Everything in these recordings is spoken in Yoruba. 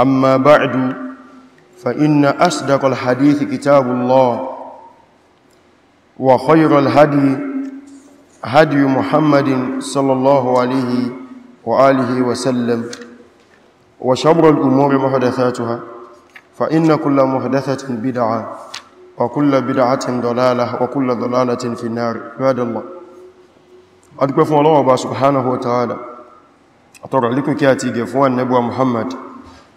أما بعد فإن أصدق الحديث كتاب الله وخير الهدي هدي محمد صلى الله عليه وآله وسلم وشبر الأمور محدثاتها فإن كل محدثة بدعة وكل بدعة ضلالة وكل ضلالة في النار بعد الله أدقف الله سبحانه وتعالى أترى لكم كاتي فوان نبوى محمد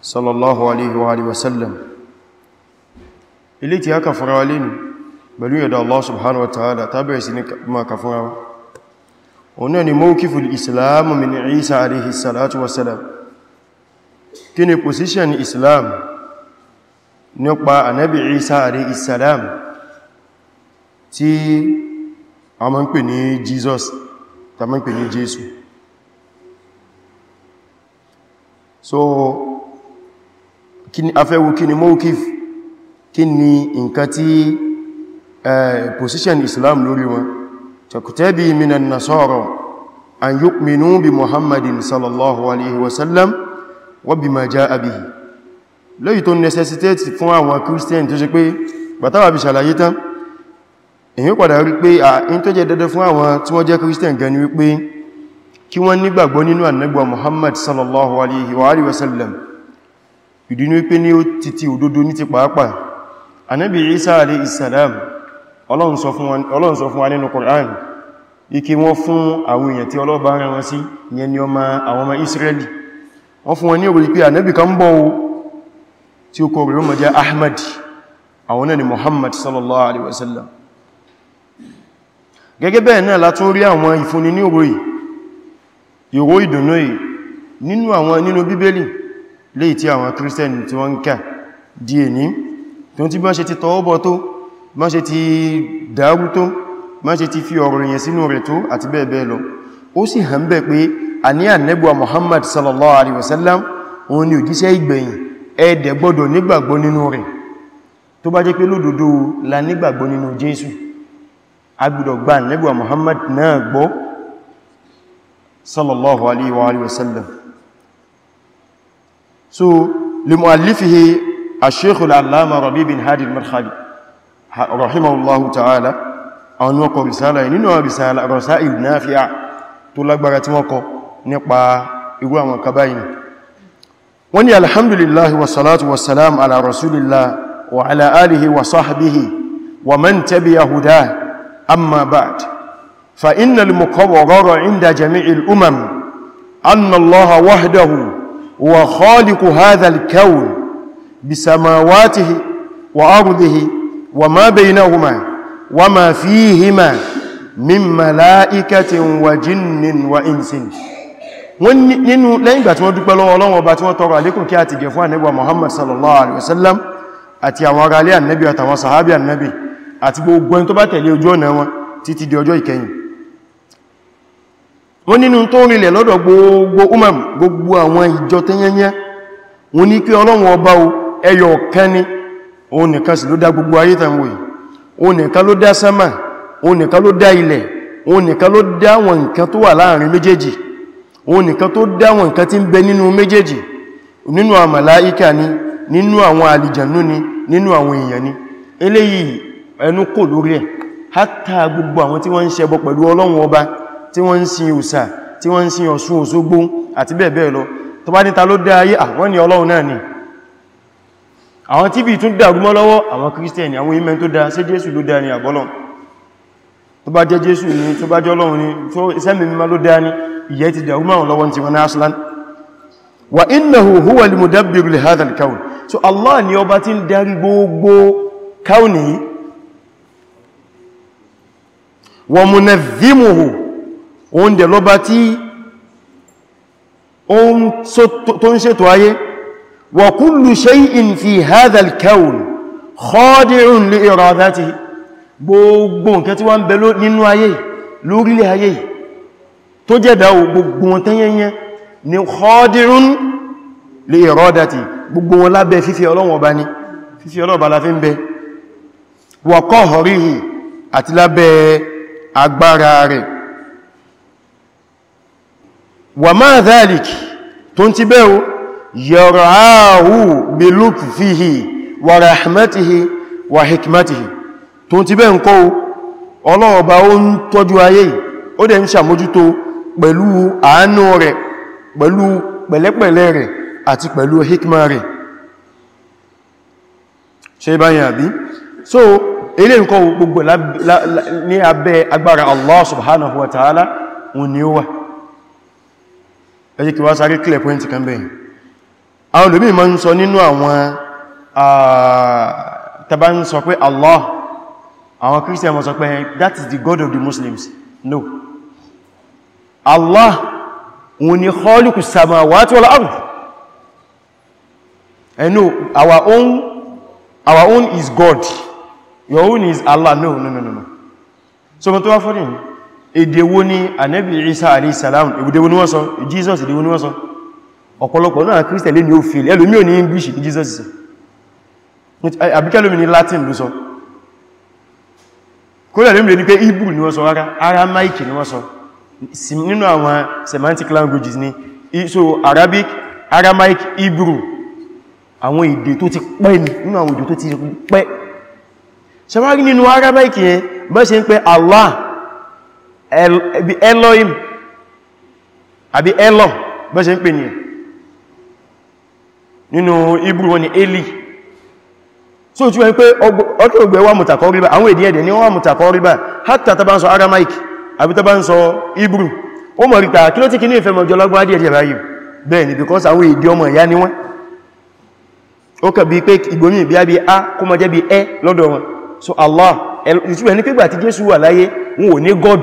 sallallahu alaihi wa alihi wasallam ilé tí a kà fúnra wa lénu pẹ̀lú yọ̀dọ̀ Allah subhanahu wa ta'ala tàbí sí ní ma kà fúnra wa ọ̀nà ni mawkiful islamu min isa alaihi salatu wasalam kí ni position islam nípa anabi isa alaihi salam tí a ma pè ní jesus ta ma pè ní jesu so kíni afẹ́wò kíni mawkif kíni nǹkan tí position islam lórí wọn takutabi minan nasara an yu'minu bi muhammadin sallallahu alaihi wasallam wa bima ja'a bihi lẹ́yìn tó necessitate fún àwọn christian tó ṣe pé bàtàwà bí ṣàlàyé tán èyí padà rí pé à ń tó jẹ́ dandan fún àwọn tí wọ́n jẹ́ christian gan ni wípé kí wọ́n nígbàgbọ́ nínú annabuwa muhammad sallallahu alaihi wa ìdí ní pé ní ó títí òdodo ní ti pàápàá anábi isa alayhi salam ọlọ́run sọ fún wa nínú Qur'an ike wọ́n fún àwọn èèyàn tí ọlọ́ba ara wọn sí yẹn ni ọmọ àwọn ọmọ Israeli wọ́n fún wọn ní orí pé anábi kan bọ̀ o tí ó kọ rẹ̀ Ahmad àwọn náà ni Muhammad sallallahu alaihi wasallam gẹ́gẹ́ bẹ́ẹ̀ náà látún rí àwọn ìfúnni ní òròyìn ìró ìdùnnú yìí nínú àwọn léè tí àwọn Christian tí wọ́n ń kà díẹ̀ ní tó tí bá ṣe ti tọwọ́bọ̀ tó bá ṣe ti dáàbù tó bá ṣe ti fi ọ̀rọ̀ yẹn sínú rẹ̀ tó àti bẹ́ẹ̀ bẹ́ẹ̀ lọ ó sì hàn bẹ́ pé a ní ànẹ́bùwa Muhammad sallallahu alaihi wasallam òun ni òjíṣẹ́ ìgbẹ̀yìn ẹ̀ẹ́dẹ̀ gbọ́dọ̀ nígbàgbọ́ nínú rẹ̀ tó bá jẹ́ pé lódodo la nígbàgbọ́ nínú Jésù Muhammad náà gbọ́ sallallahu alaihi wasallam so limuallifihi ash-shaykh al-allama rabi bin hadi al-madkhali rahimahullahu ta'ala àwọn wọ́n kọ risala yìí nínú risala rasail nafi'a tó lágbára tí wọ́n kọ nípa irú àwọn kabayin wọ́n ní alhamdulillahi wasalatu wasalam ala rasulillah wa ala alihi wa sahbihi wa man tabi'a huda amma ba'd fa innal muqarrara inda jami'il umam anna wahdahu wa khaliqu hadha al-kawn bi samawatihi wa ardihi wa ma baynahuma wa ma fihima min malaikatin wa jinnin wa insin wọ́n nínú lẹ́yìn ìgbà tí wọ́n dúpẹ́ lọ́wọ́ Ọlọ́run Ọba tí wọ́n tọrọ àlékún kí a ti gẹ̀ fún Muhammad sallallahu alaihi wasallam àti àwọn ará alẹ́ ànẹ́bì àtàwọn sàhábì ànẹ́bì gbogbo ẹni tó bá tẹ̀lé ojú ọ̀nà wọn títí di ọjọ́ ìkẹyìn wọ́n nínú tó rílẹ̀ lọ́dọ̀ gbogbo umam gbogbo àwọn ìjọ tẹ́yẹnyẹ́ wọ́n ní kí ọlọ́run ọba o ẹyọ kan ni òun nìkan sì ló dá gbogbo ayé tàwọn yìí òun nìkan ló dá sánmà òun nìkan ló dá ilẹ̀ òun nìkan ló dá àwọn nǹkan tó wà láàrin méjèèjì òun nìkan tó dá àwọn nǹkan tí ń bẹ nínú méjèèjì nínú àwọn ni nínú àwọn àlìjànú ni nínú àwọn èèyàn ni eléyìí ẹnu kò lórí ẹ̀ hátà gbogbo àwọn tí wọ́n ń ṣẹbọ pẹ̀lú ọlọ́run ọba tí wọ́n ń sin òsà tí wọ́n ń sin Ọ̀ṣun Òṣogbo àti bẹ́ẹ̀ bẹ́ẹ̀ lọ tó bá níta ló dá ayé àwọn ni Ọlọ́run náà ni àwọn tíbi tún dàrú mọ́ lọ́wọ́ àwọn kírísítẹ̀nì àwọn imẹ́ tó dá ṣé Jésù ló dá ni àbọ́lọ́n tó bá jẹ́ Jésù ni tó bá so Allah ni ọba tí ń darí oúnjẹ lọ́ba tí tó ń ṣètò ayé wa kullu shay'in fi hadha al-kawn khadi'un li iradatihi gbogbo nǹkan tí wọ́n ń bẹ nínú ayé lórílẹ̀ ayé tó jẹ́dá gbogbo wọn tẹ́yẹnyẹ ni khadi'un li iradatihi gbogbo wọn lábẹ́ fífí Ọlọ́run bá ní fífí Ọlọ́run wà máa dhalik tó ti bẹ́ẹ̀ o yar'ahu bi lutfihi wa rahmatihi wa hikmatihi tó ti bẹ́ẹ̀ ń kọ́ Ọlọ́run Ọba ó ń tọ́jú ayé ó dẹ̀ ń sàmójútó pẹ̀lú àánú rẹ̀ pẹ̀lú pẹ̀lẹ́pẹ̀lẹ́ rẹ̀ àti pẹ̀lú hikma rẹ̀ ṣe báyìí àbí so ilé nǹkan gbogbo ní abẹ́ agbára Allah subhanahu wa ta'ala òní ó wà ẹ jẹ́ kí wá sáré clear point kan bẹ́yìn àwọn olùmí ma ń sọ nínú àwọn tàbá ń sọ pé Allah àwọn Christian ma sọ pé that is the God of the Muslims no Allah òun ni khaliqu samawati wal ard and no our own our own is God your own is Allah no no no no so mo tó wá fọ́dí yìí èdè wo ni ànábì Isa alayhi salam èdè wo ni wọ́n sọ Jesus èdè wo ni wọ́n sọ ọ̀pọ̀lọpọ̀ náà kírísítẹ̀ lè ní ó fèèlì ẹlòmí ò ní English ní Jesus àbíkẹ́lòmí ní Latin ló sọ kó lè lè ní pé Hebrew ni wọ́n sọ rárá Aramaic ni wọ́n sọ nínú àwọn semantic languages ni so Arabic Aramaic Hebrew àwọn èdè tó ti pẹ́ nínú àwọn èdè tó ti pẹ́ ṣe wá rí nínú Aramaic yẹn bẹ́ ṣe ń pẹ́ Allah ẹbí Elohim àbí Elo bẹ́ ṣe ń pè ní nínú Hebrew wọn ni Eli so tí wọ́n pé ọkẹ́ ògbẹ̀ wà mùtàkọ́ ríbà àwọn èdè ẹ̀dẹ̀ ni wọ́n wà mùtàkọ́ ríbà hátà tàbá ń sọ Aramaic àbí tàbá ń sọ Hebrew ó mọ̀ ríta ah, kí ló tí kí ní ìfẹ́ mọ̀ jọlọ́gbọ́n adìẹ̀ díẹ̀ báyìí bẹ́ẹ̀ ni because àwọn èdè ọmọ ìyá ni wọ́n ó kà bí pé ìgbómi ìbí àbí a kó mọ jẹ́ bí ẹ e lọ́dọ̀ wọn so Allah ìtúbẹ̀ ní pé gbà tí Jésù wà láyé wọn ò ní God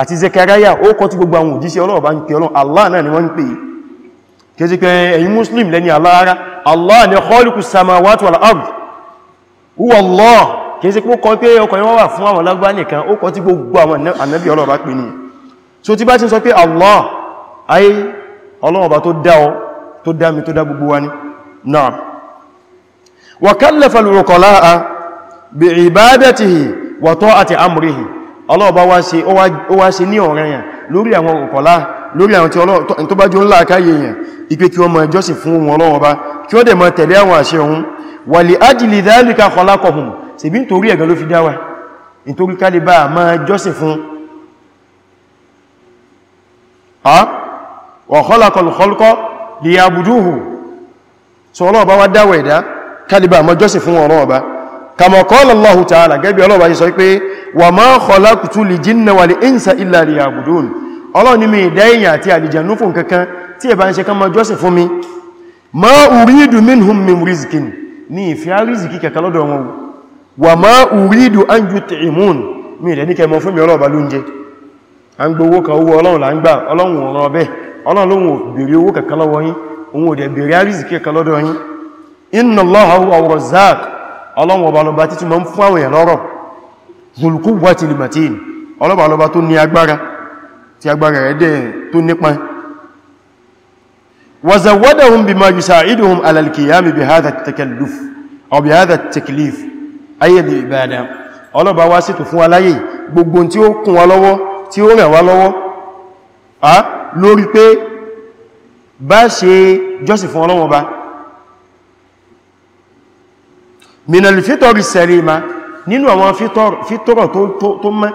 àti Zechariah ó kọ́ tí gbogbo àwọn òjíṣẹ́ Ọlọ́run bá ń pè Ọlọ́run Allah náà ni wọ́n ń pè kéjì pé ẹ̀yin Muslim lẹ́ni alára Allah ni khaliqus samawati wal wa ta'ati amrihi ọlọ́ọ̀bá wá ṣe ní ọ̀ranyàn lórí àwọn òkọ̀lá lórí àwọn tí ọlọ́ọ̀ tó bá jọ ńlá àkáyè èèyàn ipé kí wọ́n máa jọ́sìn fún ohun ọlọ́ọ̀bá kí ó dẹ̀ máa tẹ̀lé àwọn àṣẹ ohun wà lè ájìlì dhalika khalaqahum sì bí nítorí ẹ̀gẹ́ ló fi dá wa nítorí kálí bá máa jọ́sìn fún wa khalaqal khalqa liyabuduhu so ọlọ́ọ̀bá wá dáwẹ̀ ìdá kálí bá máa jọ́sìn fún kama qala Allahu ta'ala gẹ́bí ọlọ́wà yí sọ pé wa ma khalaqtul jinna wal insa illa liya'budun ọlọ́ni mi dẹ́yìn àti àlìjànú fún kankan tí ẹ bá ń ṣe kan mọ́ jọ́sìn fún mi ma uridu minhum min rizqin ní ìfẹ́ rízikí kẹta lọ́dọ̀ wọn wa ma uridu an yut'imun mi ìdẹ́ ní kẹ mọ́ fún mi ọlọ́ọ̀bá ló ń jẹ an gbowó inna Allaha huwa ọlọ́wọ̀ ọba lọba títí ma ń fún àwọn èèyàn lọ́rọ̀ zulukú wà ti limatin ọlọ́ba lọba tó ní agbára tí agbára rẹ̀ dẹ̀ tó nípa wazawwadahum bima yusa'iduhum ala al-qiyami bi hadha at-takalluf aw bi hadha at-taklif ayyad ibada ọlọ́ba wá sí tó minal fitori salima nínú fitoro fítọ́rọ̀ to mọ́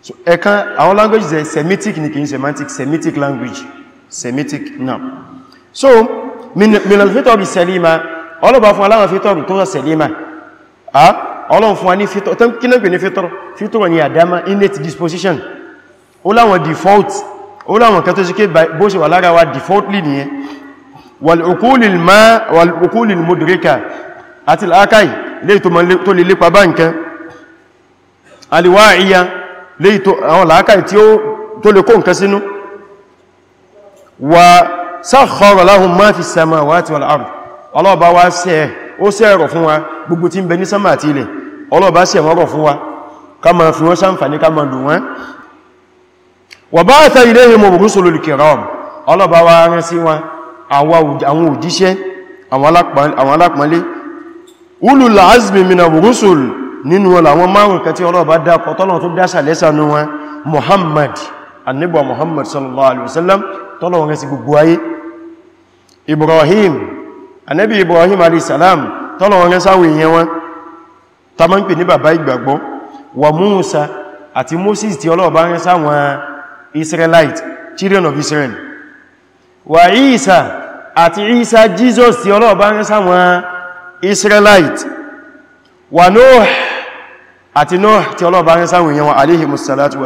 so ẹ̀kan àwọn language is semitic ni kìí semantic semitic language semitic náà so min minal fitori salima ọlọ́bà fún aláwọn fítọ́rọ̀ tó salima a ọlọ́run fún wa ní fítọ́rọ̀ tán kí náà pè ní ni àdámá innate disposition ó láwọn default ó láwọn kan tó sí ké bó ṣe wà lára wa defaultly nìyẹn wal uqulil ma wal uqulil mudrika àti làákàyè léyìí tó lè lépa bá nǹkan alìwáàíyá léyìí tó àwọn làákàyè tí ó tó lè kó nǹkan sínú wà sakhkhara lahum ma fi samawati wal ard Allah bá wá ṣe ó ṣe ẹ̀rọ̀ wọ́n rọ̀ fún wa ká ma fi wọ́n ṣàǹfàní wa rán sí wọn àwọn òjíṣẹ́ àwọn alápọ̀nlé ulul azmi mina rusul nínú wọn làwọn márùn-ún kan tí Ọlọ́run bá dákọ̀ tọ́lọ̀ tó dáṣà lẹ́sànú wọn Muhammad annabuwa Muhammad sallallahu alaihi wasallam tọ́lọ̀ rẹ̀ sí gbogbo ayé Ibrahim annabi Ibrahim alaihi salam tọ́lọ̀ rẹ̀ sáwọn èèyàn wọn ta mọ́ ń pè ní bàbá wa Musa àti Moses tí Ọlọ́run bá rẹ̀ sáwọn Israelite children of Israel wa Isa àti Isa Jesus tí Ọlọ́run bá rẹ̀ sáwọn israelite wà Nuh àti Nuh tí ọlọ́ọ̀bá rẹ̀ sáwọn èèyàn wọn alayhimus salatu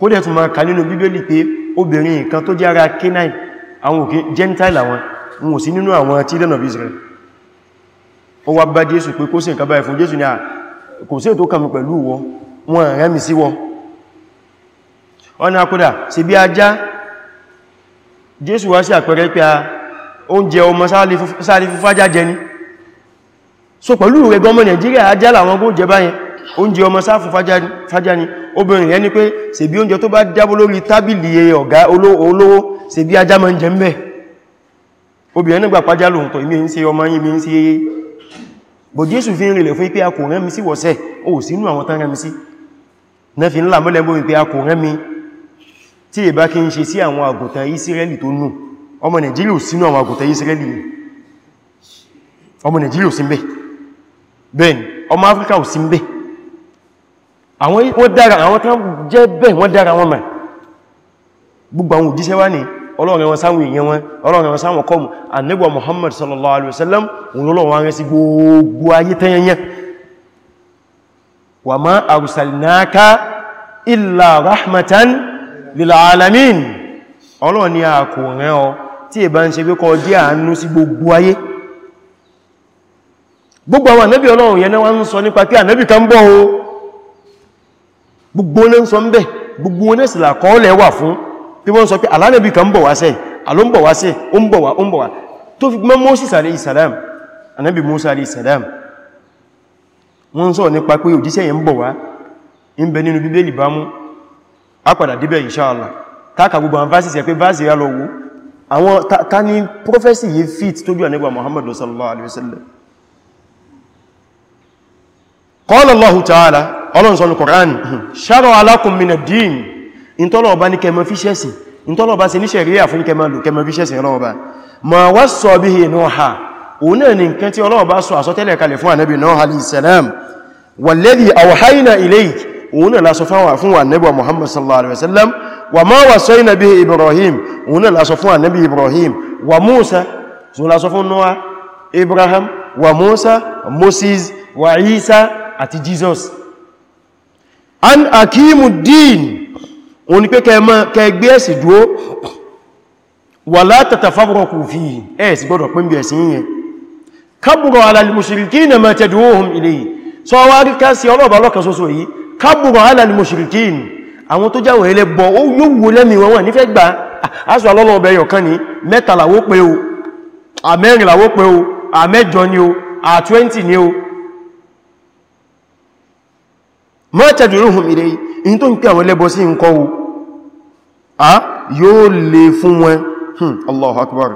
kó dẹ̀ tún ma kà nínú bíbélì pé obìnrin kan tó jẹ́ ara Canaan àwọn òkè gentile àwọn wọn sí nínú àwọn children of Israel ó wá bá Jésù pé kó sí nǹkan báyìí fún Jésù ní à kò sí ètò kàmù pẹ̀lú wọn wọn rẹ́mi sí wọn ọ̀nà akúdà sí bí ajá Jésù wá sí àpẹẹrẹ pé a oúnjẹ ọmọ sáàlì fún fájá jẹ ní so pẹ̀lú rẹ̀ gọmọ Nàìjíríà ajálà àwọn góòjẹ báyẹn oúnjẹ ọmọ sáà fún fájá ní obìnrin rẹ̀ ní pé ṣebí oúnjẹ tó bá dábó lórí tábìlì ọ̀gá olówó ṣebí ajá mọ́ jẹ mẹ́ obìnrin nígbà pàjá lóòtọ̀ imi ń ṣe ọmọ yìí mi ń ṣe bò Jésù fi ń rìnlẹ̀ fún pé a kò rán mi sí wọ̀sẹ̀ o sínú àwọn tán rán mi sí náà fi ńlá mọ́lẹ̀ bó wípé a kò rán mi tí ìbá kí ń ṣe sí àwọn àgùntàn Ísírẹ́lì tó nù ọmọ Nàìjíríà ò sínú àwọn àgùntẹ̀ Israeli ọmọ Nàìjíríà ò sí bẹ́ bẹ́ẹ̀ni ọmọ Áfíríkà ò sí bẹ́ àwọn dára àwọn tán jẹ́ bẹ́ẹ̀ wọ́n dára wọn mẹ́ gbogbo àwọn òjíṣẹ́ wá ní ọlọ́rẹ̀ wọn sáwọn èèyàn wọn ọlọ́rẹ̀ wọn sáwọn kọmù annabuwa Muhammad sallallahu alaihi wasallam òun lọ́lọ́ wọn rẹ̀ sí gbogbo ayé tí ìbá ń ṣe pé kọ jẹ́ àánú sí gbogbo ayé gbogbo àwọn ànábì ọlọ́run yẹn wọ́n ń sọ nípa kí ka kan bọ̀ o gbogbo ní ń sọ ń bẹ̀ gbogbo ní ìsìlà kọ́ọ̀lẹ̀ wà fún tí wọ́n sọ pé kan bọ̀ wá sẹ́ salam sọ mbe gbogbo àwọn fásitì ẹ̀ pé fásitì ya àwọn ta ni prophecy yìí fit tójú ànígbà muhammadu sallallahu alaihi wasallam qala Allahu ta'ala ọlọ́run sọ́nà Qur'an shara'a lakum min ad-din ìntọ́lọ̀ ọba ní kẹmọ fíṣẹ́sì ìntọ́lọ̀ ọba sí ní ṣẹ̀ríyà fún kẹmọ lò kẹmọ fíṣẹ́sì ọlọ́ọba ma wassa bihi Nuha òun náà ni nǹkan tí ọlọ́ọba sọ àsọtẹ́lẹ̀ kalẹ̀ fún ànábì Nuh alayhi salam walladhi awhayna wà máa wà sọ iná bí ibrahim òun náà lásọ fún ànábí ibrahim wà musa so lásọ fún noah abraham wà musa moses wà isa àti jesus an akimu din òun ni pé kẹgbẹ́ ẹ̀sì dúó wà látàtà fábúrọ̀kù fi ẹ̀ gbọ́dọ̀ pín bí ẹ̀sì yẹn kábùrọ̀ alàlìmùsìrìkí àwọn tó jáwọ̀ ilẹ̀ bọ̀ ó yóò wò lẹ́mì wọn wọ́n nífẹ́ gbà aṣọ alọ́lọ́ ọbẹ̀ yọ̀kan ní mẹ́tàláwó pé o àmẹ́rìnláwó pé o àmẹ́jọ ni o à20 ni o mọ́ tẹ̀dùrúhùn ilẹ̀ yìí tó ń pẹ́ àwọn ẹlẹ́bọ sí nǹkan o a yóò lè fún wọn hmm, Allahu akbar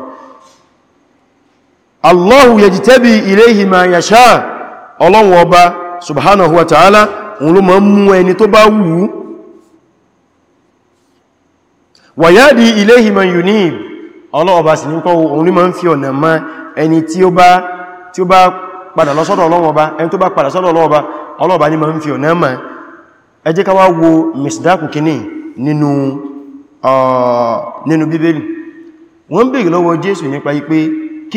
wàyádì ilé ìmọ̀ yunib ọlọ́ọ̀bá sì ní kọ́ òun ní ma ń fi ọ̀nà ma ẹni tí ó bá padà lọ́sọ́dọ̀ ọlọ́ọ̀bá ẹni tó bá padà sọ́dọ̀ ọlọ́ọ̀bá ọlọ́ọ̀bá ní ma ń fi ọ̀nà ma ẹ ká wá wo jésù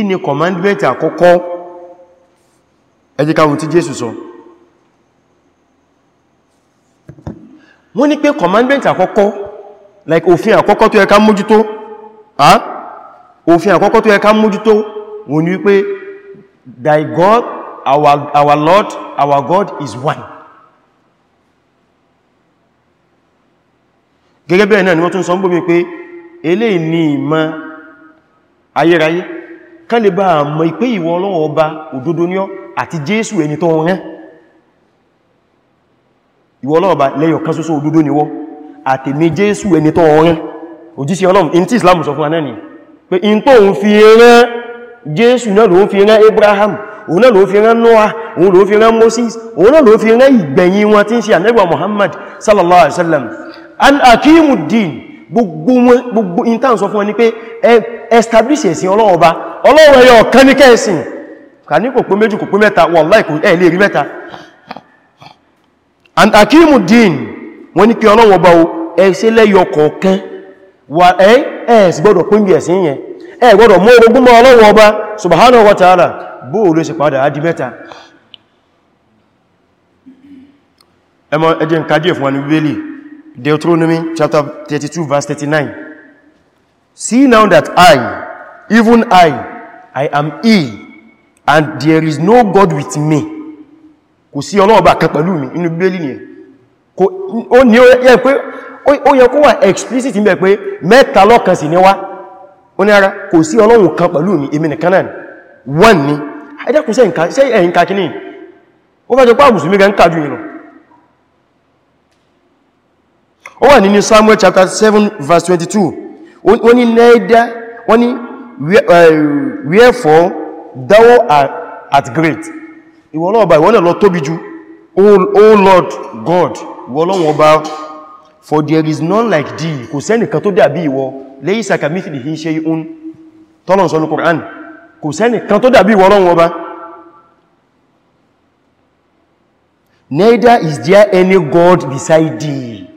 ni commandment àkọ́kọ́ like òfin àkọ́kọ́ tó yẹ ká mójútó ah òfin àkọ́kọ́ tó yẹ ká mójútó wọ́n ní wípé thy God our, our Lord our God is one gẹ́gẹ́ bẹ́ẹ̀ náà ni wọ́n tún sọ ń gbómi pé eléyìí ni ìmọ̀ ayérayé ká lè bá àmọ́ ìpé ìwọ Ọlọ́run ọba òdodo ati Jesus eni to ẹni tó rán ìwọ Ọlọ́run ọba lẹ́yọ̀kan ṣoṣo òdodo ni wọ́n àtèmi jésù ẹni tó ọ̀rẹ́ òjísí ọlọ́run in tí islam sọ fún anáni pé in tó ń fi rán jésù náà ló ń fi rán abraham òun náà ló ń fi rán noah òun ló ń fi rán moses òun náà ló ń fi rán ìgbẹ̀yìn wọn tí ń ṣe ànẹ́gbà muhammad sallallahu alaihi wasallam an akimu din gbogbo in tán sọ fún wọn ni pé establish ẹ̀sìn ọlọ́run ọba ọlọ́run ẹyọ ọ̀kan ní kẹ́ẹ̀sìn kà ní kò pé méjì kò pé mẹ́ta wallahi kò ẹ̀ lè rí wọ́n ní kí ọlọ́wọ́ bá o ẹ̀ṣẹ́ lẹ́yọ kọ̀ọ̀kan wà ẹ̀ẹ́sì gbọ́dọ̀ pín bí ẹ̀sìn yẹn ẹ gbọ́dọ̀ mọ́ orogún mọ́ ọlọ́wọ́ ọba subhanahu wa ta'ala bó o lè ṣe padà á di mẹ́ta ẹmọ ẹjẹ́ ń kàdíẹ̀ fún wa ní bíbélì Deuteronomy chapter 32 verse 39 see now that I even I I am he and there is no God with me kò sí ọlọ́ọ̀bá kan pẹ̀lú mi inú bíbélì nìyẹn ó ní yẹ pé ó yẹ kó wà explicit ń bẹ̀ pé mẹ́ta lọ́kan sí ní wá ó ní ara kò sí ọlọ́run kan pẹ̀lú mi èmi nìkan náà wọ́n ni ẹjẹ́kùn sẹ́ ẹ̀yìn kakini ó fẹ́ jọ pá mùsùlùmí gan kàjú ìrọ̀ ó wà nínú Samuel chapter 7 verse 22 ó ní neither wọ́n ní uh, wherefore thou art great ìwọ Ọlọ́run ìwọ náà tóbi O Lord God wọ́lọ́wọ́ bá for there is none like thee kò sẹ́nìkan tó dàbí ìwọ laysa kamithlihi shay'un tọ́lọ̀ sọ́nù Qur'an kò sẹ́nìkan tó dàbí ìwọ Ọlọ́run Ọba neither is there any God beside thee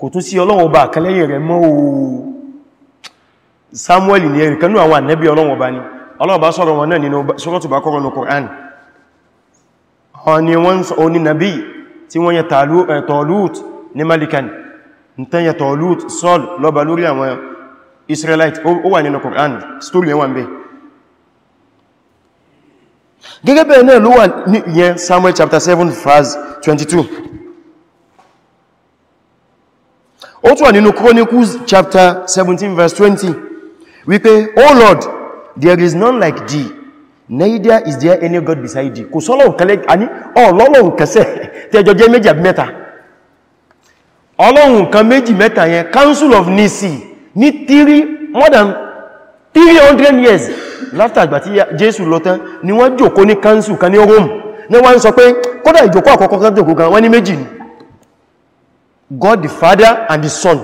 kò tún sí Ọlọ́run Ọba kan lẹ́yìn rẹ̀ mọ́ o Samuel ní ẹ̀rìkanú àwọn ànábì Ọlọ́run Ọba ni Ọlọ́run Ọba sọ̀rọ̀ wọn náà nínú suratul Baqarah ní Qur'an ọ ni wọ́n ní nàbí tí wọ́n yẹ tọ̀lút ní malikan tán yẹ tọ̀lút sọ́l lọ́ba lórí àwọn israelite ó wà nínú Qur'an story wọn bẹ́ gẹ́gẹ́ bẹ́ẹ̀ náà ló wà ní ìyẹn Samuel chapter 7 verse 22 ó tún wà nínú Chronicles chapter 17 verse 20 wípé oh Lord there is none like thee neither is there any god beside you kò sọ́lọ́hun ani. àní ọlọ́hun kẹsẹ̀ tẹjọ jẹ́ méjì àbí mẹ́ta ọlọ́hun kan méjì mẹ́ta yẹn council of Nicaea ní three more than 300 years láfta àgbà Jesus jésù lọ́tán ni wọ́n jòkó ní council kan ní Rome Ni wọ́n sọ pé kódà ìjòkó àkọ́kọ́ kan jòkó kan wọ́n ní méjì god the father and the son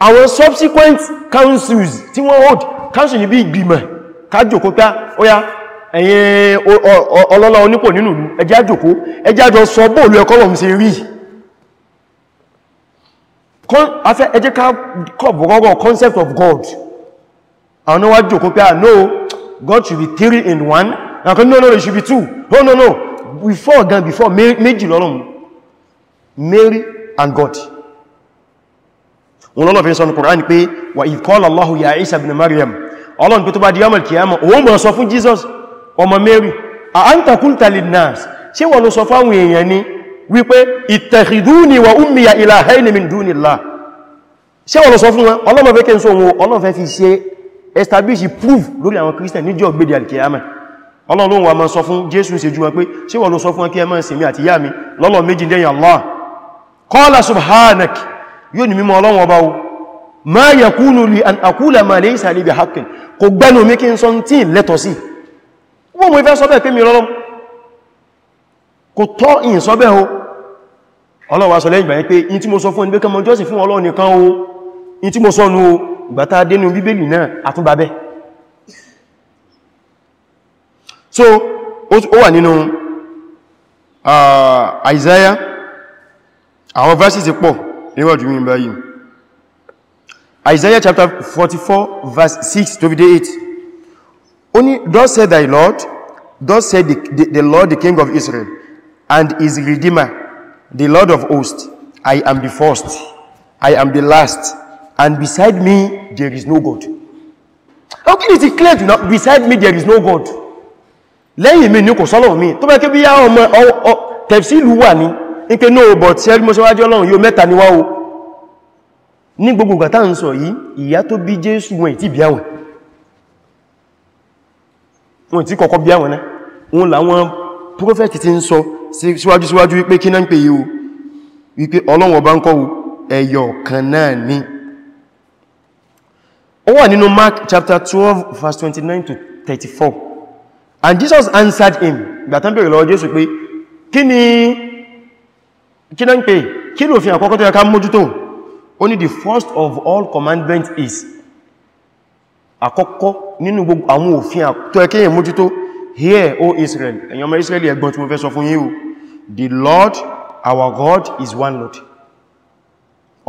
Our subsequent councils tí wọ́n hold council ní bí ìgbìmọ̀ kájòkó pé ó yá ẹ̀yin ọlọ́lá onípò nínú ìlú ẹjá jòkó ẹjá jọ sọ bóòlù ẹkọ́ lọ́m sí rí ẹjẹ́ ká kọ̀bọ̀gọ́gọ́ concept of God àwọn wá jòkó pé ah, no God should be three in one na kan no no it should be two no no no before gan before méjì lọ́lọ́m Mary and God wọn lọ́lọ́ fi sọ ní Kùránì pé wa idh qala Allahu ya Isa bin mariam ọlọ́run pé tó bá di ọmọ kìyàmọ̀ òun mọ̀ sọ fún jesus ọmọ mary a anta qulta linnas ṣé wọ́n ló sọ fáwọn èèyàn ni wípé ittakhiduni wa ummiya ilahaini min dunillah ṣé wọ́n ló sọ fún wọn ọlọ́mọ pé kí n sọ wọn ọlọ́run fẹ́ fi ṣe establish proof lórí àwọn christian níjọ́ gbédé alkiyama ọlọ́run wa ma sọ fún jésù ṣe jùmọ̀ yóò ní mímọ̀ ọlọ́run ọba o ma yakunu li an akula ma laysa li bi haqqin kò gbẹ́nu mi kí n sọ tí lẹ́tọ̀ sí wọ́n mú ìfẹ́ sọ́bẹ̀ pé mi rọrọ kò tọ́ ìyìn sọ́bẹ̀ o ọlọ́wà sọ lẹ́yìn báyìí pé in tí mo sọ fún ẹni pé kọmọ jọ́sìn fún Ọlọ́run nìkan o in tí so ó wà nínú ah, Isaiah àwọn verses pọ̀ níwájú mi báyìí Isaiah chapter 44 verse 6 to 8. Only thus said thy Lord, thus said the, the, the, Lord, the King of Israel, and his Redeemer, the Lord of hosts, I am the first, I am the last, and beside me there is no God. How can it be clear to now, beside me there is no God? Lẹ́yìn mi ní kò sọ́lọ̀ mi, tó bá kí bí yá ọmọ tẹ̀sí ìlú wà ní, ní pé no, but ṣẹ́rí mọ́ṣẹ́wájú ọlọ́run yóò mẹ́ta ni o ní gbogbo ìgbà táà ń sọ yìí ìyá tó bí Jésù wọn ìtí bí àwọn wọn ìtí kọ́kọ́ bí àwọn náà wọn làwọn prófẹ́tì ti ń sọ síwájú síwájú wípé kí náà ń pè yíò wípé Ọlọ́run ọba ń kọ́ ẹyọ kan náà ni ó wà nínú Mark chapter 12 verse 29 to 34 and Jesus answered him gbàtán bèèrè lọ́wọ́ Jésù pé kí ni kí náà ń pè kí lòfin àkọ́kọ́ tó yẹ ká mójútó only the first of all commandment is àkọ́kọ́ nínú gbogbo àwọn to tó ẹkẹ́yẹ mójútó here o Israel ẹ̀yin ọmọ Israel ẹgbọ́n tí mo fẹ́ sọ fún yín o the Lord our God is one Lord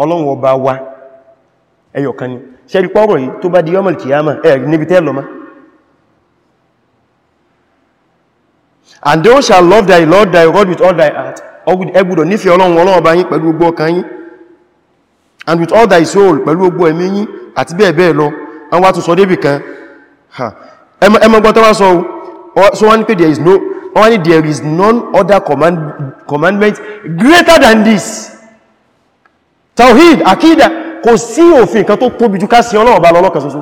ọlọ́run ọba wa ẹyọ̀kan ni ṣẹ́rí pọ́rọ̀ yìí tó bá di yọ́mọ̀lì kìyàmà ẹ̀ níbi tẹ́ lọ́mọ́ and thou shall love thy Lord thy God with all thy heart ọgbùdọ̀ nífẹ̀ẹ́ ọlọ́run ọlọ́run ọba yín pẹ̀lú gbogbo ọkàn yín and with all thy soul pẹ̀lú gbogbo ẹ̀mí yín àti bẹ́ẹ̀ bẹ́ẹ̀ lọ wọ́n wá tún sọ débì kan ẹmọgbọ́n tó wá sọ so wọ́n ní pé there is no only there is none other command, commandment greater than this tawhid akida kò sí òfin kan tó tóbi jù ká sí Ọlọ́run Ọba lọ́lọ́kan ṣoṣo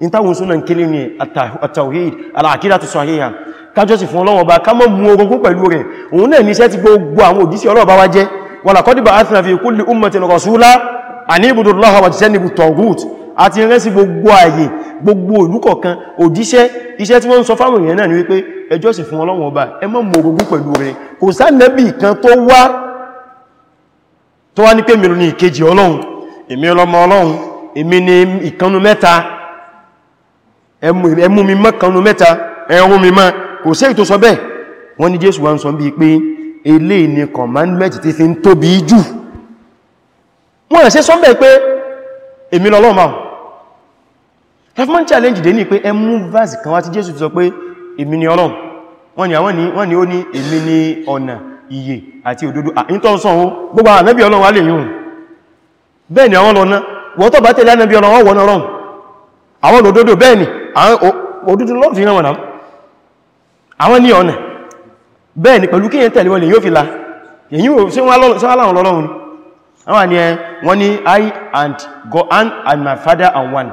in táwọn súnà ń kílé ní àtàwhid alákídà tó sahiha kájọ́sì fún Ọlọ́run Ọba ká mọ́ mú ogun pẹ̀lú rẹ̀ òun náà ní iṣẹ́ tí gbogbo àwọn òjíṣẹ́ Ọlọ́run Ọba wá jẹ́ wa laqad ba'athna fi kulli ummatin rasula àníbùdó lọ́wọ́ àti sẹ́nìbù tọ̀gùt àti rẹ́ sí gbogbo ààyè gbogbo olùkọ̀kan òjíṣẹ́ iṣẹ́ tí wọ́n ń sọ fáwọn èèyàn náà ni wípé ẹ jọ́sìn fún Ọlọ́run Ọba ẹ má mọ̀rọ̀gún pẹ̀lú rẹ̀ kò sánẹ́bì kan tó wá tó wá ní pé mìíràn ní ìkejì Ọlọ́run èmi ọlọ́mọ Ọlọ́run èmi ni ìkanu mẹ́ta ẹmú mi kanu mẹ́ta ẹ̀rún mi mọ́ kò sí ètò sọ bẹ́ẹ̀ wọ́n ní Jésù wá ń sọ bí pé eléyìí ni commandment wọ́n ṣe sọ́bẹ̀ pé èmi lọ́lọ́ máa huffman challenge dé ní pé ẹ mú verse kan wá tí Jésù ti sọ pé èmi ni Ọlọ́run wọ́n ni àwọn ni wọ́n ni ó ní èmi ni ọ̀nà ìyè àti òdodo àìntọ́ sọ ohun gbogbo ànábì Ọlọ́run wà lè yùn bẹ́ẹ̀ ni àwọn lọ́nà wọ́n tọ́ bá tẹ̀lé ànábì Ọlọ́run wọ́n Ọlọ́run àwọn òdodo bẹ́ẹ̀ ni òdodo lọ́rùn fi ránwọ̀n àwọn ni ọ̀nà pẹ̀lú kíyẹn tẹ̀lé wọn yóò fi la èyí ò sí wọn láwọn lọ́rùn àwọn ni ẹ wọ́n ni i and go and, and my father are one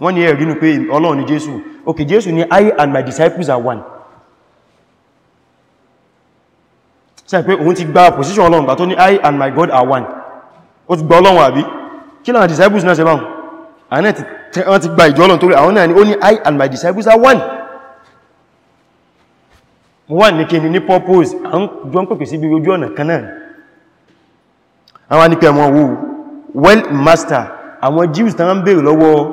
wọ́n ni ẹ rí ní pé ọlọ́run ni jésù ok jésù ni i and my disciples are one ṣe pé òun ti gba position ọlọ́run tó ní i and my god are one ó ti gba ọlọ́run àbí kí láwọn disciples náà ṣe báhùn àwọn náà ti gba ìjọ ọlọ́run torí àwọn náà ni ó ní i and my disciples are one one ní kí ni ní purpose àwọn jọ ń pèpè sí ibi ojú ọ̀nà kan náà àwọn ní pé àwọn owó well master àwọn Jews tán ń bèèrè lọ́wọ́